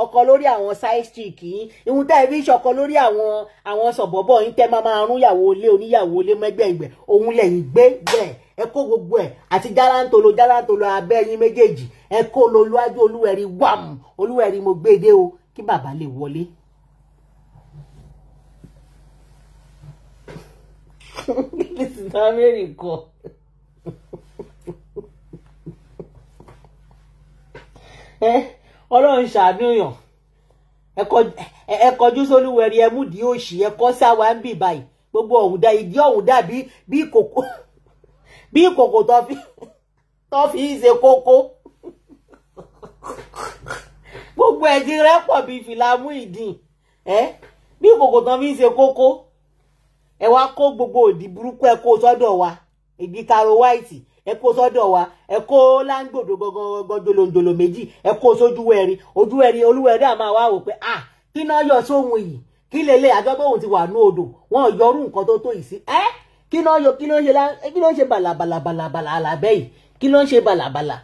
ọkọ lórí àwọn side street yín ihun tẹ́ ẹ fi ń ṣọkọ lórí àwọn àwọn sọ̀bọ̀bọ̀ yín tẹ́ máa máa rún ìyàwó ilé oníyàwó ilé mẹ́gbẹ̀ẹ́gbẹ̀ òun lẹ́yìn gbé bẹ́ẹ̀ ẹ kó gbogbo ẹ àti jalantolo jalantolo abẹ́ yín méjèèjì ẹ kó lọ lọ́wájú olúwẹ̀rí wàm olúwẹ̀rí mo gbé dé o kí bàbá lè wọlé. this is not very cool. Eh, ọlọ́run ṣàánúyàn ẹ kọjú sólúwẹ̀rí ẹ mú òṣì ẹ kọ́ báyìí gbogbo ọ̀hún dá ìdí ọ̀hún bí ìkòkò tó fi ń ṣe kókó gbogbo ẹ̀dín rẹ bí fi ń ṣe kókó ẹ gbogbo òdì burúkú ẹ kó wa karo white ẹ kó sọ́dọ̀ wa ẹ kó láńgbòdo gangan jolondolo méjì ẹ kó sójú ẹ̀rí ojú ẹ̀rí olúwẹ̀rí àmà wa wò pé ah kí náà yọ sóhun yìí kí lélẹ̀ àjọpọ̀ òun ti wà ní odò wọn yọrù nǹkan tó tó yìí sí ẹ́ kí náà yọ kí ló ń ṣe lá kí ló ń ṣe bàlàbàlàbàlà àlàbẹ́ yìí kí ló ń ṣe bàlàbàlà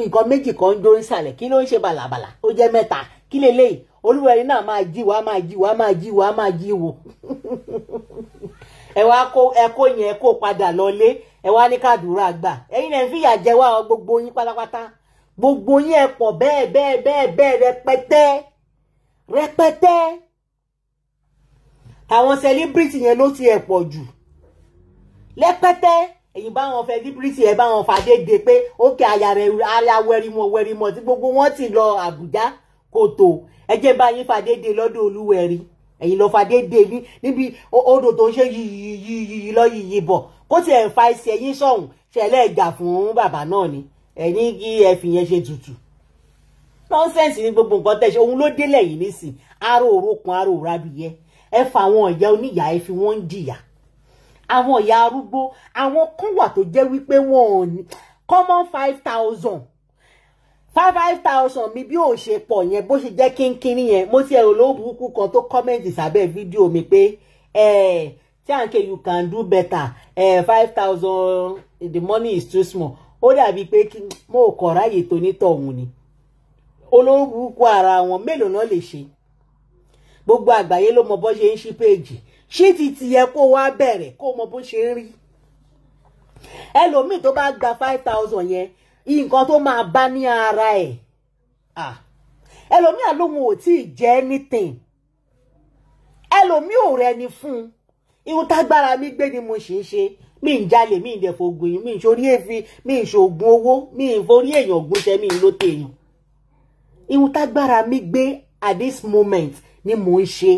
nǹkan méjì kan ń dórí sàlẹ̀ kí ló ń ṣe bàlàbàlà ó jẹ́ mẹ́ta kí lélẹ̀ yìí olúwẹ̀rí náà máa jí wa máa jí wa máa jí wa máa jí wo ẹ wá kó ẹ kó yẹn kó padà lọlé ẹ wá ní kádùúrà gbà ẹ̀yin náà ń fìyà jẹ wá ọ gbogbo yín pátápátá gbogbo yín ẹ pọ̀ bẹ́ẹ̀ bẹ́ẹ̀ bẹ́ẹ̀ bẹ́ẹ̀ rẹpẹtẹ rẹpẹtẹ àwọn celebrity yẹn ló ti ẹ pọ̀ jù lẹpẹtẹ ẹ̀yin bá wọn celebrity ẹ bá wọn fàdédé pé ókè àyà rẹ ara wẹrimọ wẹrimọ tí gbogbo wọn ti lọ Àbújá kòtò ẹ jẹ́ bá yín fàdédé lọ́dọ̀ Olúwẹ̀rí ẹ̀yin lọ fàdédé níbi odò tó ń ṣe yìí ó ti ẹ̀ ń fa ẹsẹ̀ yín sọ̀hún ṣẹlẹ̀ gà fún bàbá náà ni ẹ̀yìn kí ẹ fi yẹn ṣe tutù nọ́nsẹ̀nsì ni gbogbo nǹkan tẹ̀ ṣe òun ló délẹ̀ yìí nísìn aró òrókun aró òrábìyẹ ẹ fa àwọn ìyá oníyàá ẹ fi wọ́n ń jìyà àwọn ìyá arúgbó àwọn kan wà tó jẹ́ wípé wọn ò ní common five thousand five five thousand mi bí ò ṣe pọ̀ yẹn bó ṣe jẹ́ kínkínní yẹn mo ti ẹ̀rọ lóòbùkún kan tó kọ́mẹ̀ntì sábẹ́ fídíò mi pé ẹ̀ẹ́ tí à ń ké you can do better Eh, five thousand the money is too small ó dàbí pé kí mo kọ̀ ráyè tó nítọ̀hún ni olórúkú ara wọn mélòó náà lè ṣe gbogbo àgbáyé ló mọ bó ṣe ń ṣí péèjì ṣé ti tìyẹ kó wá bẹ̀rẹ̀ kó mọ bó ṣe ń rí ẹlòmíì tó bá gba five thousand yẹn nǹkan tó máa bá ní ara ẹ̀ ẹlòmíì àlóhun ò tí ì jẹ́ anything ẹlòmíì ò rẹni fún un ihun tágbára mi gbé ni mo ṣe ń ṣe mi ń jalè mi ń dẹ̀fọ̀ ògùn yìí mi ń ṣorí èéfín mi ń ṣoògùn owó mi ń forí èèyàn gúnṣẹ́ mi ń ló tèèyàn ihun tágbára mi gbé at this moment ni mo ń ṣe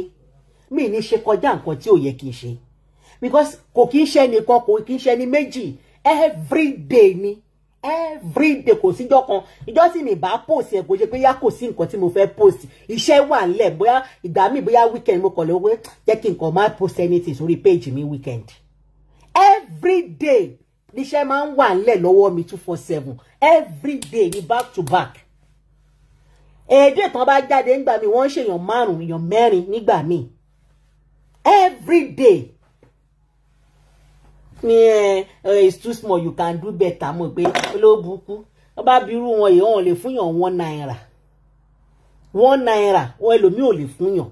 mi ní ṣe kọjá nǹkan tí ò yẹ kí n ṣe because kò kí ń ṣe ẹnìkan kò kí ń ṣe ẹni méjì every day ni every day kò síjọ́ kan ìjọ́ sì ní ìbá post ẹ̀ kò ṣe pé yá kò sí nǹkan tí mo fẹ́ post iṣẹ́ wà nílẹ̀ bóyá ìgbà míì bóyá weekend mo kàn lè wé jẹ́ kí nǹkan má post anything sórí page mi weekend every day níṣẹ́ máa ń wà nílẹ̀ lọ́wọ́ mi two four seven every day ní back to back èdè tán bá jáde nígbà míì wọ́n ń ṣèyàn márùn-ún èèyàn mẹ́rin nígbà míì every day pé eh, eh, it's too small you can do better mọ̀ pé olóbùkú wọ́n bá birú wọn yìí wọ́n lè fún yàn one naira one naira wọ́n ẹlòmíì ò lè fún yàn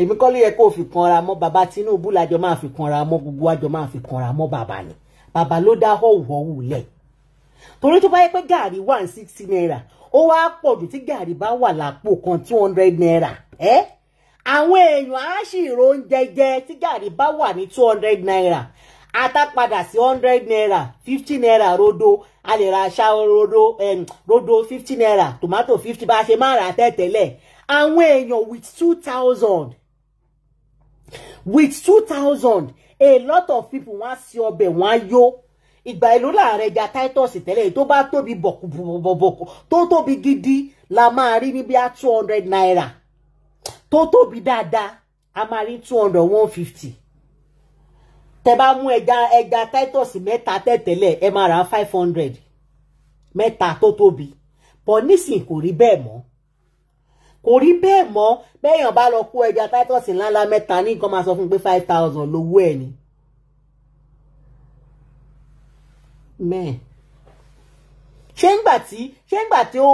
èmi kọ́ ló yẹ kó fi kanra mọ́ bàbá Tinubu lájọ máa fi kanra mọ́ gbogbo àjọ máa fi kanra mọ́ bàbá ni bàbá ló dá họ̀wọ̀hù lẹ̀ torí tó bá yẹ pé gàrí one sixty naira ó wá pọ̀ jù tí gàrí bá wà lápò kan two hundred naira ẹ́ eh? àwọn èèyàn á sì ròún jẹjẹ tí gàrí bá wà ní two hundred naira àtàpadà sí hundred naira fifty naira rodo a lè rodo um, rodo fifty naira tomato fifty bá a ṣe máa rà tẹ́tẹ́lẹ̀ àwọn èèyàn with two thousand with two thousand a lot of people wọ́n á sí ọbẹ̀ wọ́n á yó ìgbà èlò láàrẹ ja titus tẹ́lẹ̀ tó bá tóbi bọ̀kùbọ̀kù tó tóbi gidi la máa rí ní bí a two hundred naira tó tóbi dáadáa a máa rí two hundred one fifty tẹ bá mú ẹja ẹja titus meta tẹ̀tẹ̀lẹ̀ ẹ máa ra five hundred mẹ́ta tó tóbi pọ̀ nísìn kò rí bẹ́ẹ̀ mọ́ kò rí bẹ́ẹ̀ mọ́ bẹ́ẹ̀yàn bá lọ kó titus ńláńlá mẹ́ta ní nǹkan máa sọ fún un pé five thousand lówó ẹ̀ ni. mẹ́ẹ̀ ṣé ńgbà tí ṣé ńgbà tí ó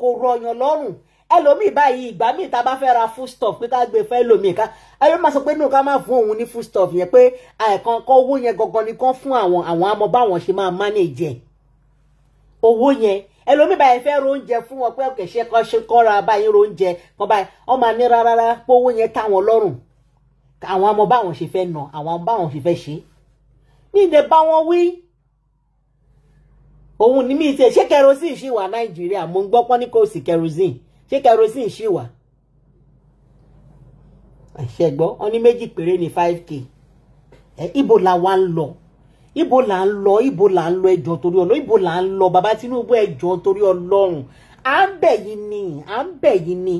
kò rọyàn lọ́rùn ẹlòmíì báyìí ìgbà míì tá a bá fẹ́ ra food stuff pé ká gbé fẹ́ ẹlòmíì ká ẹlòmíì máa sọ pé nù ká má fún òun ní food stuff yẹn pé àìkan kọ́ owó yẹn gangan ni kán fún àwọn àwọn amọ̀ báwọn ṣe máa manage owó yẹn ẹlòmíì báyìí fẹ́ ro oúnjẹ fún wọn pé ọ̀kẹ́ṣẹ́ kan ṣe kọ́ ra báyìí ro oúnjẹ kan báyìí wọ́n máa ní rárá pé owó yẹn táwọn lọ́rùn àwọn amọ̀ báwọn ṣe fẹ́ nà àwọn amọ̀ báwọn ṣe fẹ́ ṣe ní ìdè bá wọn wí òun ní mi ti ṣé kerosene ṣì wà Nàìjíríà mo ń gbọ́ pọ́n ní kò sí kerosene ṣé kerosene ṣì wà àṣẹgbọ́ wọn ní méjì péré ní five k ẹ ibo la wá ń lọ ibo la ń lọ ibo la ń lọ ẹjọ́ torí Ọlọ́run ibo la ń lọ bàbá Tinubu ẹjọ́ torí Ọlọ́run à ń bẹ̀ yín ni à ń bẹ̀ yín ni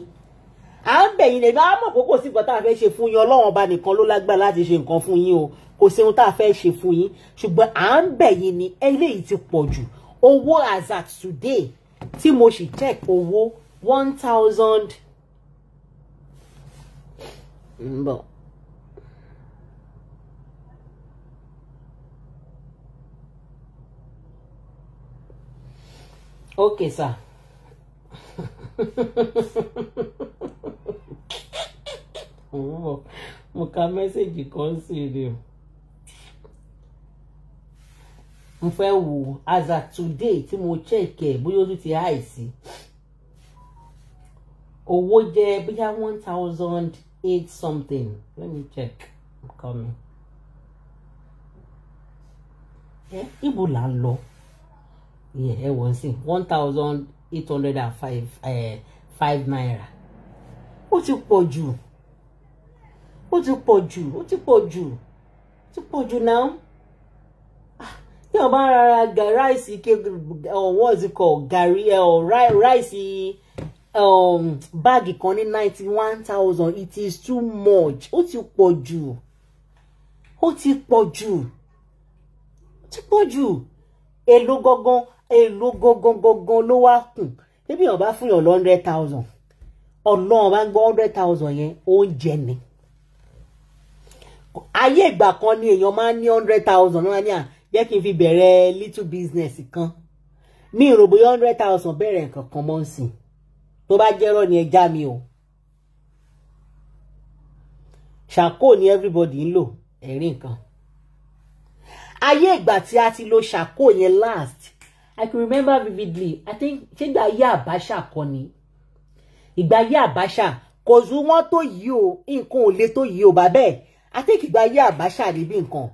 à ń bẹ̀ yín ni a mọ̀ pé kò sí nǹkan tá a fẹ́ ṣe fún yín Ọlọ́run ọba nìkan ló lágbára láti ṣe nǹkan fún yín o kò sí ohun tá a fẹ́ ṣe fún yín ṣùgbọ́n à ń bẹ̀ yín ni eléyìí ti pọ̀ jù owó as at today tí mo sì check owó one thousand ń Okay, sir. Oh, mo ka mẹ́sẹ̀gì kan sí i Mo fẹ́ wo as at today tí mo check ẹ̀ bóyá ó tún ti háì owó jẹ́ bóyá one thousand eight something let me check i'm coming. ibo là ń lọ ẹ wọ́n sí one thousand eight hundred and five five naira ó ti pọ̀ jù ó ti pọ̀ jù ó ti pọ̀ jù ó ti pọ̀ jù náà ah, tí wọ́n bá ń ra ráìsì ọ̀wọ́n ti kọ̀ gàrí ẹ̀ ọ̀ ráìsì um, báàgì kan ní ninety one thousand it is too much ó ti pọ̀ jù ó ti pọ̀ jù ó ti pọ̀ jù èlò gangan èlò gangan gangan ló wá kù bébí yàn bá fún yàn lọ hundred thousand ọlọ́run bá ń gbọ́ hundred thousand yẹn oúnjẹ ni ayé ìgbà kan ni èèyàn máa ń ní hundred thousand náà ní à jẹ́ kí n fi bẹ̀rẹ̀ little business kan mi ò rò bóyá hundred thousand bẹ̀rẹ̀ nǹkan kan mọ́ ń sìn tó bá jẹ́rọ̀ ni ẹ já mi o ṣàkó ni everybody ń lò ẹ̀rí nǹkan ayé ìgbà tí a ti lo ṣàkó yẹn last I can remember vividly I think ṣégbà ayé Abacha kọ ni ìgbà ayé Abacha kò zu wọn tó yìí o nǹkan ò le tó yìí o bàbá I think ìgbà ayé Abacha rí bí nǹkan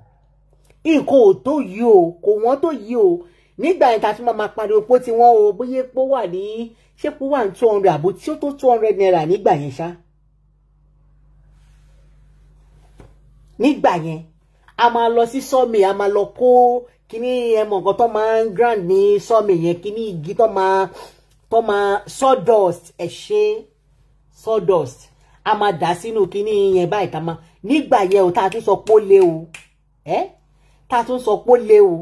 nǹkan ò tó yìí o kò wọ́n tó yìí o nígbà yẹn tá a fi máa pariwo pé tí wọ́n o bóyá epo wà ní ṣépo wà ní two hundred àbò tí ó tó two hundred naira nígbà yẹn ṣá nígbà yẹn a máa lọ sí sọ́ọ̀mì a máa lọ kó kíní ẹmọ nǹkan tó máa ń grand ní sọ́ọ̀mì yẹn kíní igi tó máa tó máa sawdust ẹ̀ ṣe sawdust a máa dà sínú kíní yẹn báyìí tá nígbà yẹn o tá a tún sọ pé lé o ẹ tá a tún sọ pé lé o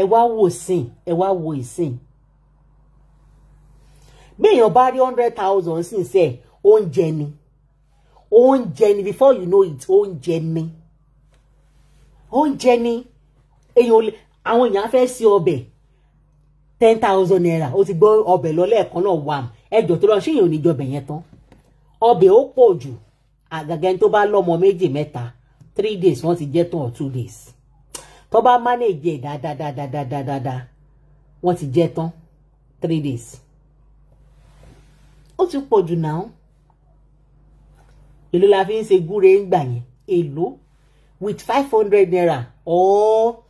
ẹ wá wò sìn ẹ wá wò ìsìn béèyàn bá rí hundred thousand sí Own journey, own journey. before you know it oúnjẹ ni oúnjẹ ni èèyàn àwọn èèyàn fẹ́ sí ọbẹ̀ ten thousand naira ó ti gbọ́ ọbẹ̀ lọ lẹ́ẹ̀kan náà wàm ẹjọ́ tó lọ ṣé èèyàn ò ní jọbẹ̀ yẹn tán ọbẹ̀ ó pọ̀ jù àgàgà ẹni tó bá lọ́mọ méjì mẹ́ta three days wọ́n ti jẹ́ tán or two days To bá manage da da da da da da da wọ́n ti jẹ́ tán three days ó ti pọ̀ jù náà èló la fi ń ṣe gúre ń gbà yẹn èló with five hundred naira or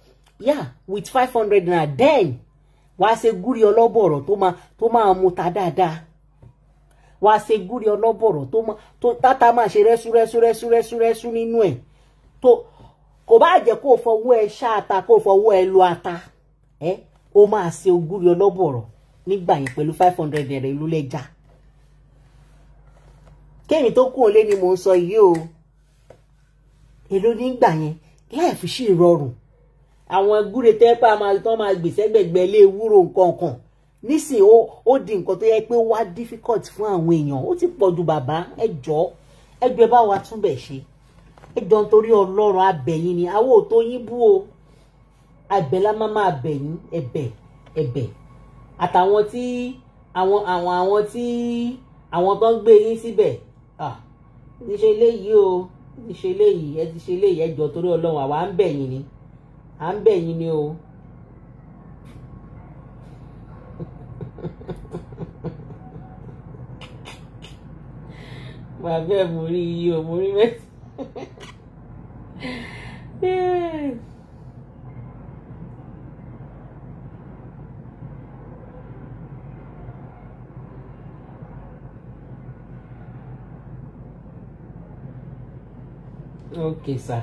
yeah with five hundred naira then wàá ṣe gúre ọlọ́bọ̀rọ̀ tó máa tó máa mu ta dáadáa wàá ṣe gúre ọlọ́bọ̀rọ̀ tó máa tó tata máa ṣe rẹ́sú rẹ́sú rẹ́sú rẹ́sú rẹ́sú nínú ẹ̀ tó kò bá jẹ́ kó fọwọ́ ẹ ṣáàta kó fọwọ́ ẹ lo ata ẹ ó máa ṣe ogúre ọlọ́bọ̀rọ̀ nígbà yẹn pẹ̀lú five hundred naira ìlú lẹ́jà kémi tó kú òlé ni mò ń sọ yìí o èló nígbà yẹn láìfi sí ìrọrùn àwọn gúre tẹ́pà máa tán máa gbèsè gbẹ̀gbẹ̀ lé ewúro nǹkankan nísìnyí ó di nǹkan tó yẹ pé wá difficult fún àwọn èèyàn ó ti pọ̀ ju bàbá ẹ ẹgbẹ́ bá wa túnbẹ̀ ṣe ẹjọ́ nítorí ọlọ́run abẹ̀yìn ni àwọn ò tó yín bú o àgbẹ̀ la máa máa bẹ̀yìn ẹ̀bẹ̀ ẹ̀bẹ̀ àtàwọn tí àwọn àwọn àwọn tí àwọn tó ń gbé yín síbẹ̀ ti ṣe eléyìí o ti ṣe eléyìí ẹ ti ṣe eléyìí ẹjọ torí Ọlọ́run àwa ń bẹ̀ yín ni à ń bẹ̀ yín ni o. bàbá ẹ mo rí iye o mo rí mẹ́ta. okay sir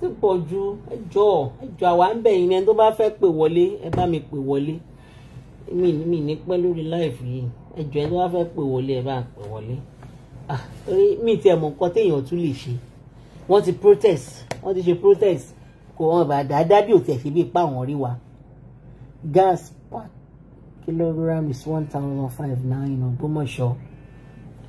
ti pọ̀ ju ẹjọ́ ẹjọ́ àwa ń bẹ̀ yín ẹni tó bá fẹ́ pè wọlé ẹ bá mi pè wọlé mi ní mi ní pẹ́ lórí láìfù yìí ẹjọ́ ẹni tó bá fẹ́ pè wọlé ẹ bá pè wọlé torí mi tiẹ̀ mọ̀ nǹkan téèyàn tún lè ṣe wọ́n ti protest wọ́n ti ṣe protest kò wọ́n bá dáadáa bí ò tiẹ̀ ṣe bí ipa àwọn rí wa gas per kilogram is one thousand five nine Ògbómọ̀ṣọ́.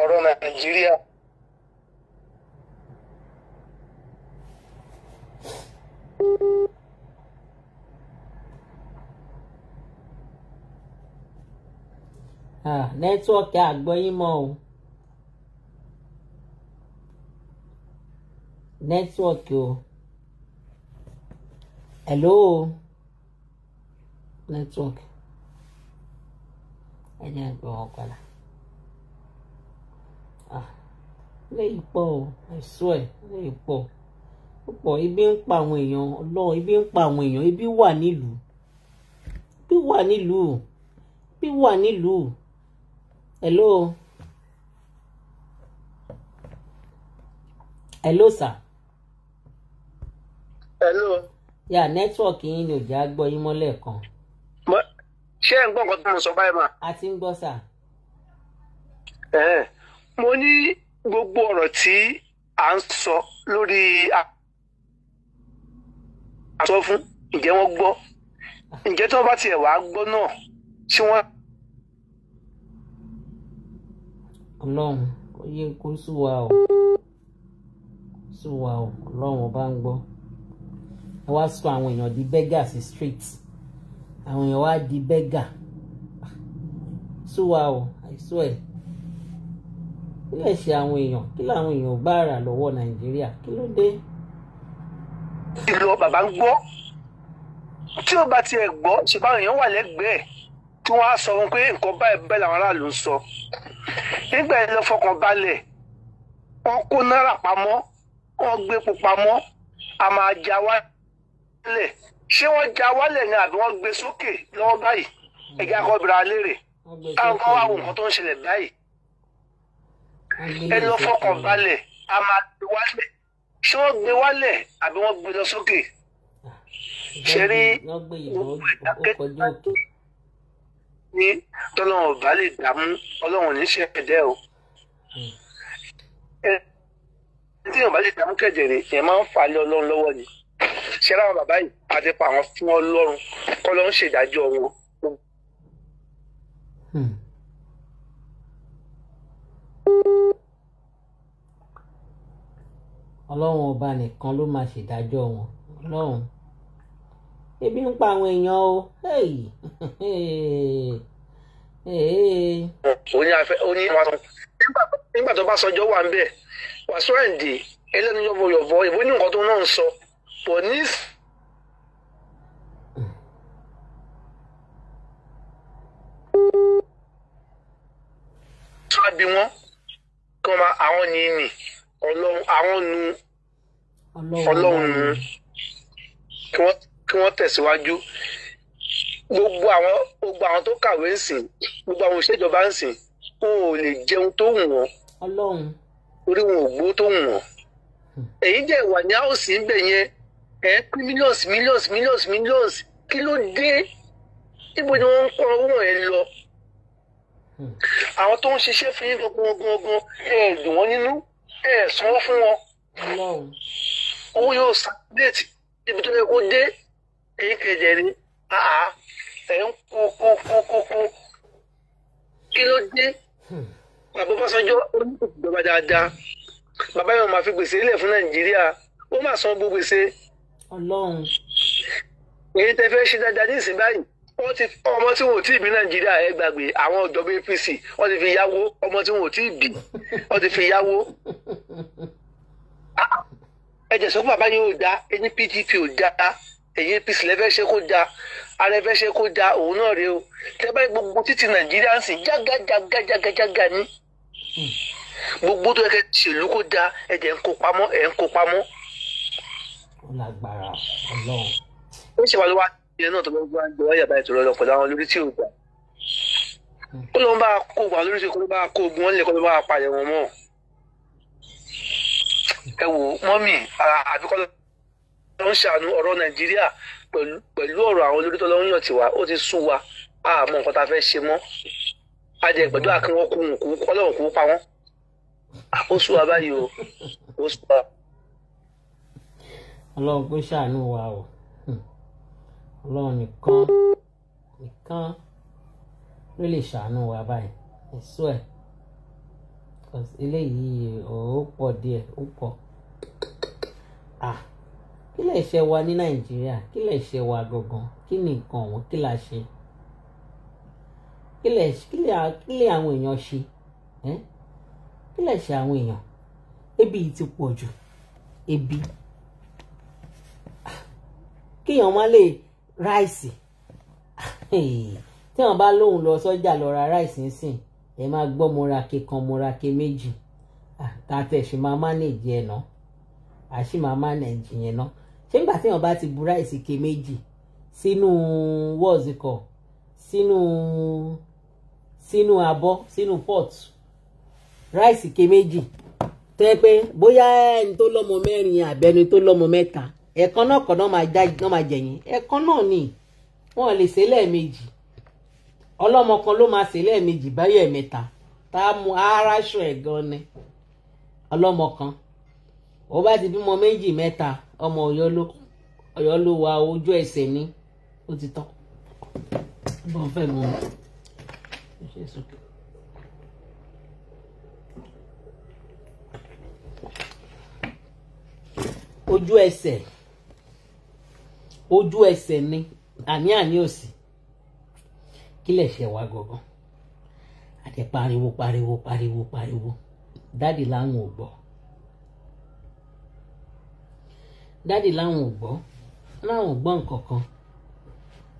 out of Nigeria. nẹ́tíwọ́ọ̀kì àgbọ́yín mọ́ o nẹ́tíwọ́ọ̀kì o hello nẹ́tíwọ́ọ̀kì ẹ̀yìn àgbọ̀ wọn Ah, léyìí pọ̀ o àìsọ ẹ̀ léyìí pọ̀ ó pọ̀ ibi ń pa àwọn èèyàn lọ ibi ń pa àwọn èèyàn ibi wà nílùú ibi wà nílùú ibi wà nílùú hello hello sir. hello. yà network yín ni ò já gbọ́ yín mọ́lẹ̀ kan. ṣé ẹ̀ ń gbọ́ nǹkan tó mo sọ báyìí mà. a ti ń gbọ́ sà mo ní gbogbo ọ̀rọ̀ tí à ń sọ lórí àsọ fún ǹjẹ́ wọ́n gbọ́ ǹjẹ́ tí wọ́n bá tiẹ̀ wá gbọ́ náà tí wọ́n. ọlọ́run kò yẹ kó sú wa o sú wa o ọlọ́run ọba ń gbọ́ ẹ wá sọ àwọn èèyàn di bẹ́gà sí street àwọn èèyàn wá di bẹ́gà ah, sú wa o àìsú ẹ̀ ó lè ṣe àwọn èèyàn kí làwọn èèyàn bá rà lọ́wọ́ nàìjíríà kí ló dé. ìlú bàbá ń gbọ́ tí ó bá tiẹ̀ gbọ́ ṣùgbọ́n àwọn èèyàn wà lẹ́gbẹ̀ẹ́ tí wọ́n á sọ wọn pé nǹkan báyìí bẹ́ẹ̀ làwọn aráàlú ń sọ nígbà yẹn lọ fọkàn balẹ̀ wọ́n kó náírà pamọ́ wọ́n gbé epo pamọ́ a máa já wálẹ̀ ṣé wọ́n já wálẹ̀ ni àbí wọ́n gbé sókè lọ́wọ́ báyìí ẹ̀jẹ̀ akọ́bìnrin alẹ́ rẹ̀ àwọn àwọn nǹkan tó ń ṣẹlẹ̀ báyìí ẹ lọ fọkàn balẹ̀ a máa gbé wálẹ̀ ṣé wọ́n gbé wálẹ̀ àbí wọ́n gbé lọ sókè ṣe rí gbogbo ìdákẹ́jọ́ ní tọ́lọ́run ọba lè dààmú ọlọ́run níṣẹ́ ẹ̀dẹ́ o hmm. ẹ tí yorùbá lè dààmú kẹ̀jẹ̀rẹ̀ yẹn máa ń fà lé ọlọ́run lọ́wọ́ ni ṣe ra àwọn bàbá yìí àti pa àwọn fún ọlọ́run kọ́ ló ń ṣèdájọ́ wọn. Hmm. ọlọ́run ọba nìkan ló máa ṣèdájọ́ wọn ọlọ́run ebi ń pa àwọn èèyàn o ó ní afẹ́ ó ní nígbà tó bá sọjọ́ wà ń bẹ̀ wàásù ẹ̀ǹdè ẹlẹ́nu yọ̀bọ̀ ìbò ní nǹkan tó náà ń sọ pọ̀ ní. sọ́ra bí kí wọ́n máa àwọn nìyí nìyí ọlọ́run àwọn nu ọlọ́run nu kí wọ́n tẹ̀síwájú gbogbo àwọn gbogbo àwọn tó kàwé ń sìn gbogbo àwọn òṣèjọba ń sìn wọn ò lè jẹun tó wù wọ́n orí wọn ò gbó tó wù wọ́n hmm. èyí jẹ́ ìwà ní àwòsí ń bẹ̀ yẹn ẹ̀ pín millions millions millions millions kí ló dé níbo ni wọ́n ń kọ́ owó ẹ̀ lọ hmm. àwọn tó ń ṣiṣẹ́ fún yín gangan gangan ẹ̀ dùn wọ́n nínú ẹ sanwó fún wọn owó yóò sàkúlẹ̀tì ibi tó yẹ kó dé èyí kẹjẹ ni ẹ ń kú kú kú kú kú kí ló dé hmm. bàbá Ọbásanjọ́ onígbàgbà dáadáa bàbá yóò máa fi gbèsè ilẹ̀ fún Nàìjíríà ó máa san gbogbo gbèsè. Ọlọ́run. èyí tẹ fẹ́ ṣe dáadáa ní ìsìn báyìí wọ́n ti ọmọ tí wọn ò tí ì bí nàìjíríà ẹ gbàgbé àwọn ọ̀jọ̀gbọ́n APC wọ́n ti fi yáwó ọmọ tí wọn ò tí ì bí wọ́n ti fi yáwó. Ah, ẹ jẹ́ sọ fún bàbá yín ò dáa ẹ̀yin PDP ò dáa ẹ̀yin APC lẹ́fẹ́ ṣe kó dáa arẹ́fẹ́ ṣe kó dáa òun náà rèé o tẹ́bá gbogbo títí nàìjíríà ń sìn jágàjágàjágàjágà ní. gbogbo tó yẹ kẹ́ ṣèlú kó dáa ẹ jẹ́ ń kó pamọ́ ẹ̀ ń kó pamọ́. ó lágbára Ọlọ́run. ó ìyẹn náà tó bá gbọ́ àjọ ọ̀yà báyìí tó lọ pẹ̀lú tí ò gbà ó ló bá kó àwọn olórí tí kò bá kó ogun wọn lè kó ló bá pààyàn wọn mọ́ ẹ wò mọ́mì àbíkọ́ ló ń ṣàánú ọ̀rọ̀ Nàìjíríà pẹ̀lú ọ̀rọ̀ àwọn olórí tó lọ yàn tiwa ó ti sún wa àmọ́ nǹkan tá a fẹ́ ṣe mọ́ adìẹ gbẹdọ àkànwọ kú òkú Ọlọ́run kú pa wọn ó sún wa báyìí o ó sún wa. Ọlọ́run kó ṣàánú wa o. Hmm ọlọ́run nìkan nìkan ló lè ṣàánú wa báyìí ẹ̀sọ́ ẹ̀ eléyìí ó pọ̀ díẹ̀ ó pọ̀ ah kí lè ṣe wa ní nàìjíríà kí lè ṣe wa gangan kí ni nǹkan ọ̀hún kí la ṣe kí lè kí lè àwọn èèyàn ṣe kí lè ṣe àwọn èèyàn ebi yìí ti pọ̀ jù ebi kéèyàn má lè ráìsì tí wọn bá lóun lọ sọ́jà lọ ra ráìsì ńsìn ẹ máa gbọ́ morake kan morake méjì àtàtẹ̀sí máa mánéèjì ẹ̀ náà àṣì máa mánéèjì yẹn náà ṣé nígbà tí wọn bá ti bu ráìsì ke méjì sínú wọ́ọ̀sì kọ̀ sínú sínú abọ́ sínú pot ráìsì ke méjì tẹ́ pé bóyá ẹni tó lọ́mọ mẹ́rin àbẹ́ni tó lọ́mọ mẹ́ta ẹ̀ẹ̀kan náà kọ́ náà máa jẹ̀yìn ẹ̀ẹ̀kan náà ni wọ́n lè ṣe lẹ́ẹ̀mejì ọlọ́mọ kan ló máa ṣe lẹ́ẹ̀mejì báyọ̀ ẹ̀mẹ́ta tá a mú aráṣọ ẹ̀ gan ni ọlọ́mọ kan ó bá ti bímọ méjì mẹ́ta ọmọ ọ̀yọ́ ló wa ojú ẹsẹ̀ ní ó ti tán bọ́n fẹ́ mọ́ ọ ṣe sókè. ojú ẹsẹ̀ ojú ẹsẹ̀ ni àní àní òsì kí lè ṣe wá gangan àti pariwo pariwo pariwo pariwo dáàdì láwọn ò gbọ́ dáàdì láwọn ò gbọ́ láwọn ò gbọ́ nǹkan kan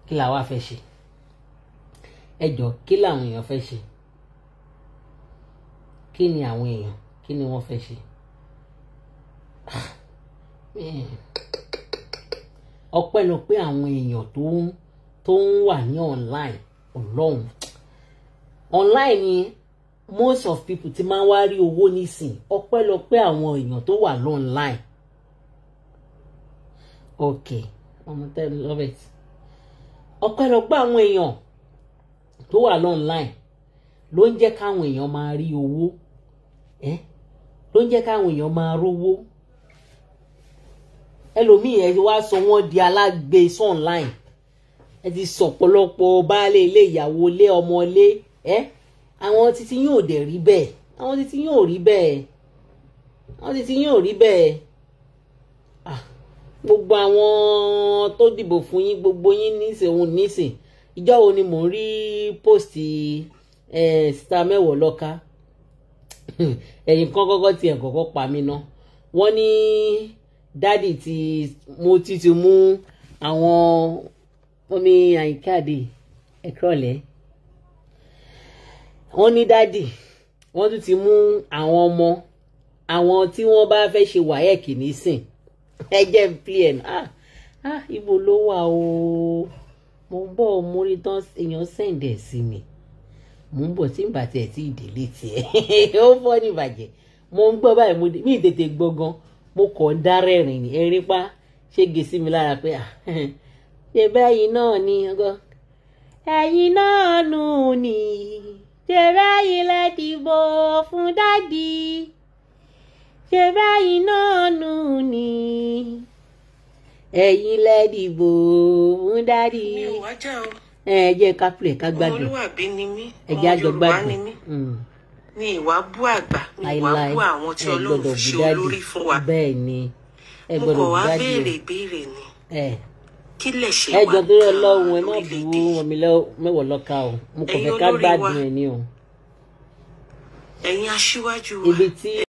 kí làwa fẹ́ ṣe ẹjọ́ kí làwọn èèyàn fẹ́ ṣe kí ni àwọn èèyàn kí ni wọ́n fẹ́ ṣe. Ah, ọpẹlọpẹ àwọn èèyàn tó ń tó ń wà ní online ọlọ́run online ni most of people ti máa ń wá rí owó nísìn ọpẹlọpẹ àwọn èèyàn tó wà lọ́nline okay ọmọ tẹ́lú love it àwọn èèyàn tó wà online ló ń jẹ́ káwọn èèyàn máa rí owó ló ń jẹ́ káwọn èèyàn máa rówó ẹlòmíì ẹ wá sọ wọ́n di alágbe line ẹ ti sọ̀pọ̀lọpọ̀ baálé ilé ìyàwó ilé ọmọ ilé ẹ àwọn títí yóò dẹ̀ rí bẹ́ẹ̀ àwọn títí yóò rí bẹ́ẹ̀ àwọn títí yóò rí bẹ́ẹ̀ gbogbo àwọn tó dìbò fún yín gbogbo yín nísìnyún nísìn ìjọ wo ni mò ń rí póòsì ẹ síta mẹ́wọ̀ lọ́ka ẹ̀yìn kan kọ́kọ́ tiẹ̀ kọ́kọ́ pa mí ná wọ́n ní dádì ti mo ti ti mú àwọn mọ́mí àyíkáàdì ẹ̀kọ́lẹ̀ wọ́n ní dádì wọ́n tún ti mú àwọn ọmọ àwọn tí wọ́n bá fẹ́ ṣe wáyẹ̀kì nísìn ẹ n pln ah ah ibo ló wà o mo ń bọ̀ mo rí tán èèyàn sẹ̀ǹdẹ̀ sí mi mo ń bọ̀ tí ń bàtẹ̀ tí ìdílé tiẹ̀ ó fọ́ ní ìbàjẹ́ mo ń gbọ́ báyìí mo mi tètè gbọ́ mo kọ̀ ń dárẹ́rìn ní erin pa ṣé gé mi lára pé ah, ṣe bẹ́yìn náà ni ọgọ́ ẹ̀yin náà nù ní ṣèbẹ́yìn lẹ dìbò fún dádì ṣèbẹ́yìn náà nù ní ẹ̀yin lẹ fún dádì. mi ò wá o. ẹ jẹ́ ká pè ká gbádùn. ọmọlúwàbí ni mí ọmọ Yorùbá ni mí. Mm ni ìwà bú àgbà ni ìwà bú àwọn tí ọlọ́run fi ṣe olórí fún wa mo kọ̀ wá béèrè ìbéèrè ni kí lè ṣe wà ká lórílẹ̀‐èdè ẹ̀yin orí wa ẹ̀yin aṣíwájú wa.